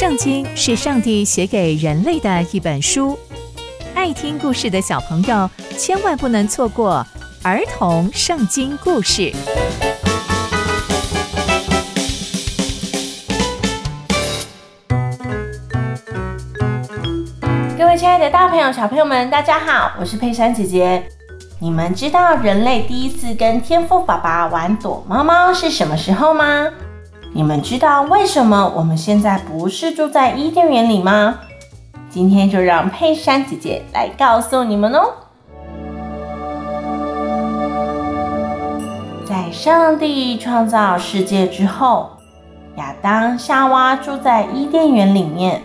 聖經是上帝寫給人類的一本書，愛聽故事的小朋友千萬不能錯過兒童聖經故事。各位親愛的，大朋友、小朋友們，大家好，我是佩珊姐姐。你們知道人類第一次跟天父爸爸玩躲貓貓是什麼時候嗎？你們知道為什麼我們現在不是住在伊甸園裡嗎？今天就讓佩珊姐姐來告訴你們哦。在上帝創造世界之後，亞當、夏娃住在伊甸園裡面。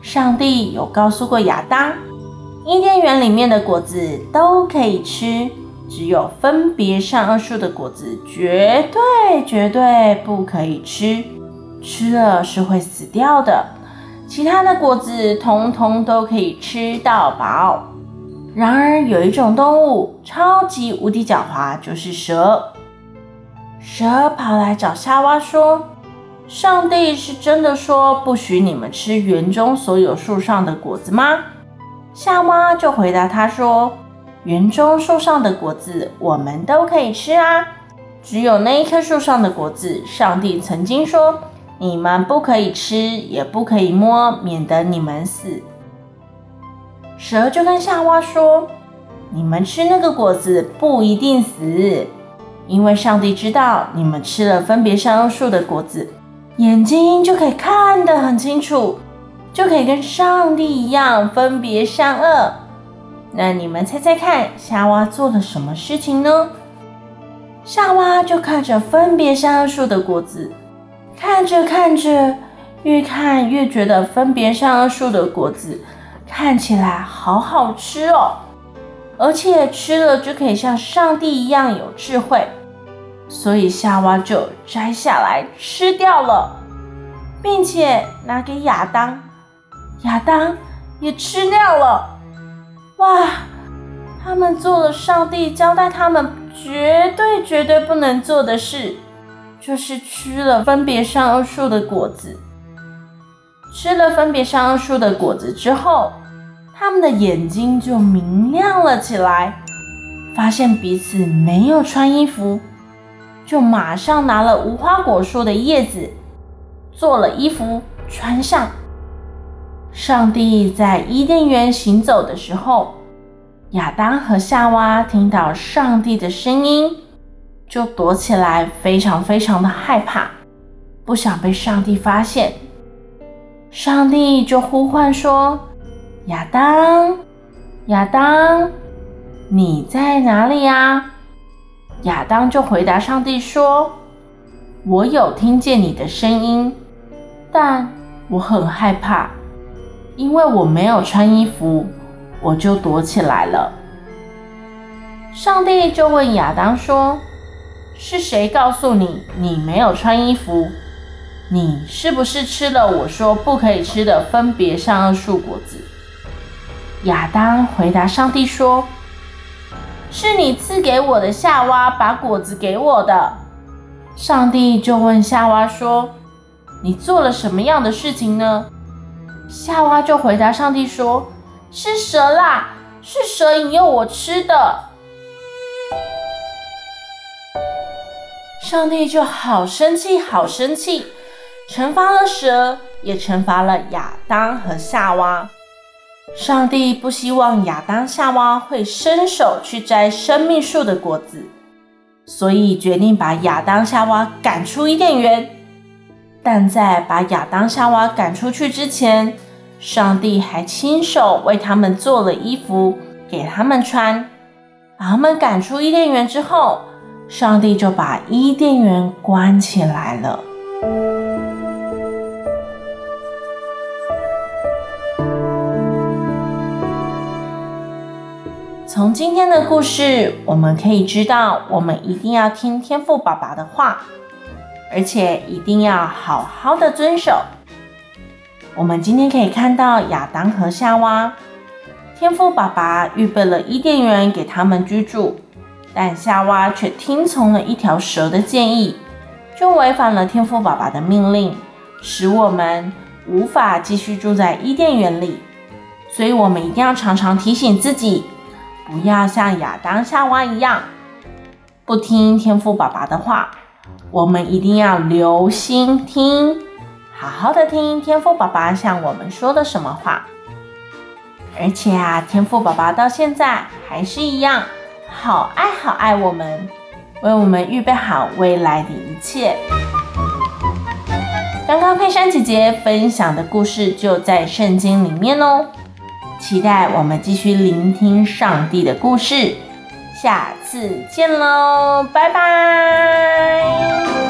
上帝有告訴過亞當，伊甸園裡面的果子都可以吃。只有分別善惡樹的果子，絕對絕對不可以吃，吃了是會死掉的。其他的果子，統統都可以吃到飽。然而有一種動物超級無敵狡猾，就是蛇。蛇跑來找夏娃說：“上帝是真的說不許你們吃園中所有樹上的果子嗎？”夏娃就回答他說。園中樹上的果子，我們都可以吃啊。只有那一棵樹上的果子，上帝曾經說，你們不可以吃，也不可以摸，免得你們死。蛇就跟夏娃說：“你們吃那個果子不一定死，因為上帝知道你們吃了分別善惡樹的果子，眼睛就可以看得很清楚，就可以跟上帝一樣分別善惡。”那你們猜猜看，夏娃做了什麼事情呢？夏娃就看着分別善惡樹的果子，看着看着，越看越覺得分別善惡樹的果子看起來好好吃哦，而且吃了就可以像上帝一樣有智慧，所以夏娃就摘下來吃掉了，並且拿給亞當，亞當也吃掉了。他們做了上帝交代他們絕對絕對不能做的事，就是吃了分別善惡樹的果子。吃了分別善惡樹的果子之後，他們的眼睛就明亮了起來，發現彼此沒有穿衣服，就馬上拿了無花果樹的葉子做了衣服穿上。上帝在伊甸園行走的時候，亞當和夏娃聽到上帝的聲音，就躲起來，非常非常的害怕，不想被上帝發現。上帝就呼喚說：“亞當，亞當，你在哪裡呀？”亞當就回答上帝說：“我有聽見你的聲音，但我很害怕，因為我沒有穿衣服。”我就躲起來了。上帝就問亞當說：“是誰告訴你你沒有穿衣服？你是不是吃了我說不可以吃的分別善惡樹果子？”亞當回答上帝說：“是你賜給我的夏娃把果子給我的。”上帝就問夏娃說：“你做了什麼樣的事情呢？”夏娃就回答上帝說。是蛇啦，是蛇引誘我吃的，上帝就好生氣，好生氣，懲罰了蛇，也懲罰了亞當和夏娃。上帝不希望亞當、夏娃會伸手去摘生命樹的果子，所以決定把亞當、夏娃趕出伊甸園。但在把亞當、夏娃趕出去之前，上帝還親手為他們做了衣服給他們穿，把他們趕出伊甸園之後，上帝就把伊甸園關起來了。從今天的故事，我們可以知道，我們一定要聽天父爸爸的話，而且一定要好好的遵守。我們今天可以看到亞當和夏娃，天父爸爸預備了伊甸園給他們居住，但夏娃卻聽從了一條蛇的建議，就違反了天父爸爸的命令，使我們無法繼續住在伊甸園裡。所以，我們一定要常常提醒自己，不要像亞當、夏娃一樣，不聽天父爸爸的話。我們一定要留心聽。好好的聽天父寶寶向我們說的什麼話，而且啊，天父寶寶到現在還是一樣好愛好愛我們，為我們預備好未來的一切。剛剛佩珊姐姐分享的故事就在聖經裡面哦，期待我們繼續聆聽上帝的故事，下次見嘍，拜拜。